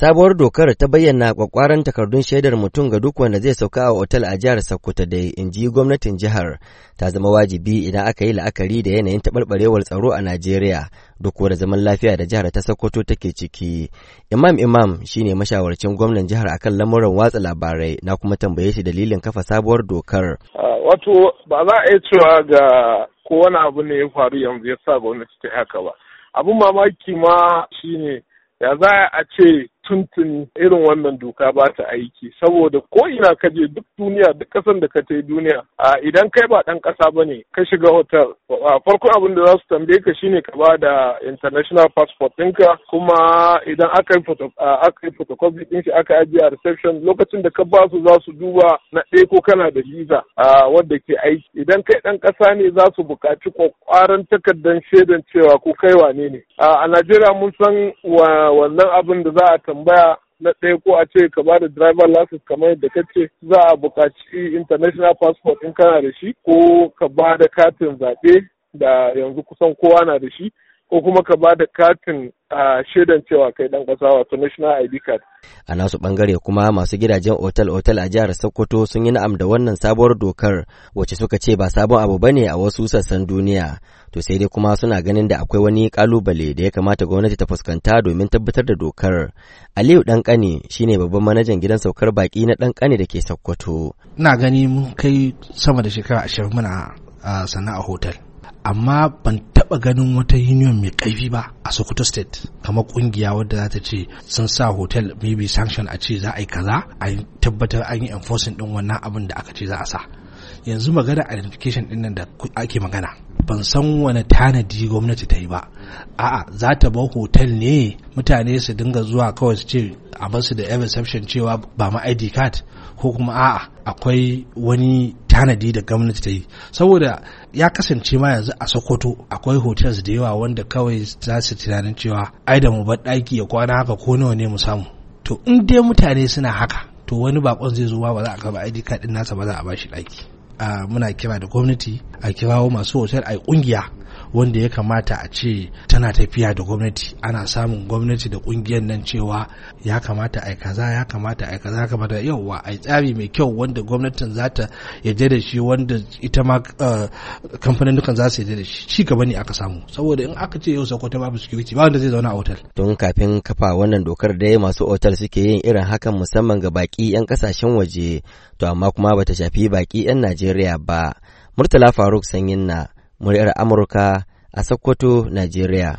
Sabuwar dokar ta bayyana kwakwaran takardun shaidar mutum ga duk wanda zai sauka a otal a jihar Sokoto dai in ji gwamnatin jihar ta zama wajibi idan aka yi la'akari da yanayin taɓarɓarewar tsaro a Najeriya duk wanda zaman lafiya da jihar ta Sokoto take ciki. Imam Imam shine mashawarcin gwamnan jihar akan lamuran watsa labarai na kuma tambaye shi dalilin kafa sabuwar dokar. Wato ba za a yi cewa ga kowane abu ne ya faru yanzu ya sa gwamnati ta haka ba. abun mamaki ma shine ya za a ce tuntun irin wannan doka ba ta aiki saboda ko ina ka je duk duniya duk kasan da ka tai duniya a idan kai ba dan kasa bane ka shiga hotel farko abin da za su tambaye ka shine ka ba da international passport ɗinka kuma idan aka yi aka yi photocopy ɗin shi aka ajiye a reception lokacin da ka ba su za su duba na ɗaya ko kana da visa wadda ke aiki idan kai ɗan kasa ne za su buƙaci kwakwaran takardar shaidan cewa ko kai wane ne a Najeriya mun san wannan abin da za a tambaya na ɗaya ko a ce ka ba da driver license kamar yadda ka ce za a buƙaci international passport in kana da shi ko ka ba da katin zaɓe da yanzu kusan kowa na da shi ko kuma ka bada katin a shaidan cewa kai dan kasa wato national id card a nasu bangare kuma masu gidajen otal-otal a jihar sokoto sun yi na'am da wannan sabuwar dokar wacce suka ce ba sabon abu ba ne a wasu sassan duniya to sai dai kuma suna ganin da akwai wani kalubale da ya kamata gwamnati ta fuskanta domin tabbatar da dokar aliyu dankani shine babban manajan gidan saukar baki na dankani da ke sokoto ina gani kai sama da shekara ashirin muna sana'a hotel amma ban taba ganin wata union mai kaifi ba a Sokoto State kamar ƙungiya wadda za ta ce sun sa hotel maybe sanction a ce za a yi kaza a tabbatar an yi enforcing ɗin wannan abin da aka ce za a sa. yanzu magana identification din nan da ake magana ban san wani tanadi gwamnati ta yi ba a'a za ta bar hotel ne mutane su dinga zuwa kawai su ce a su da reception cewa ba ma id card ko kuma a'a akwai wani tanadi da gwamnati ta yi saboda ya kasance ma yanzu a sokoto akwai hotels da yawa wanda kawai za su tunanin cewa ai da mu bar ɗaki ya kwana haka ko nawa ne mu samu to in dai mutane suna haka to wani bakon zai zo ba za a gaba ID card din nasa ba za a bashi ɗaki muna kira da gwamnati a kirawo masu hotel a kungiya wanda ya kamata a ce tana tafiya da gwamnati ana samun gwamnati da kungiyar nan cewa ya kamata ayi kaza ya kamata a kaza ya kamata yauwa a tsari mai kyau wanda gwamnatin za ta yarda da shi wanda ita ma eh, kamfanin dukan za su yarda da shi ci gaba ne aka samu saboda in aka ce yau sokoto babu security ba wanda zai zauna a otal don kafin kafa wannan dokar dai masu otal suke yin irin hakan musamman ga baki yan kasashen waje to amma kuma bata shafi baki yan Najeriya ba Murtala Faruk Sanyin na muryar Amurka a Sokoto, Najeriya.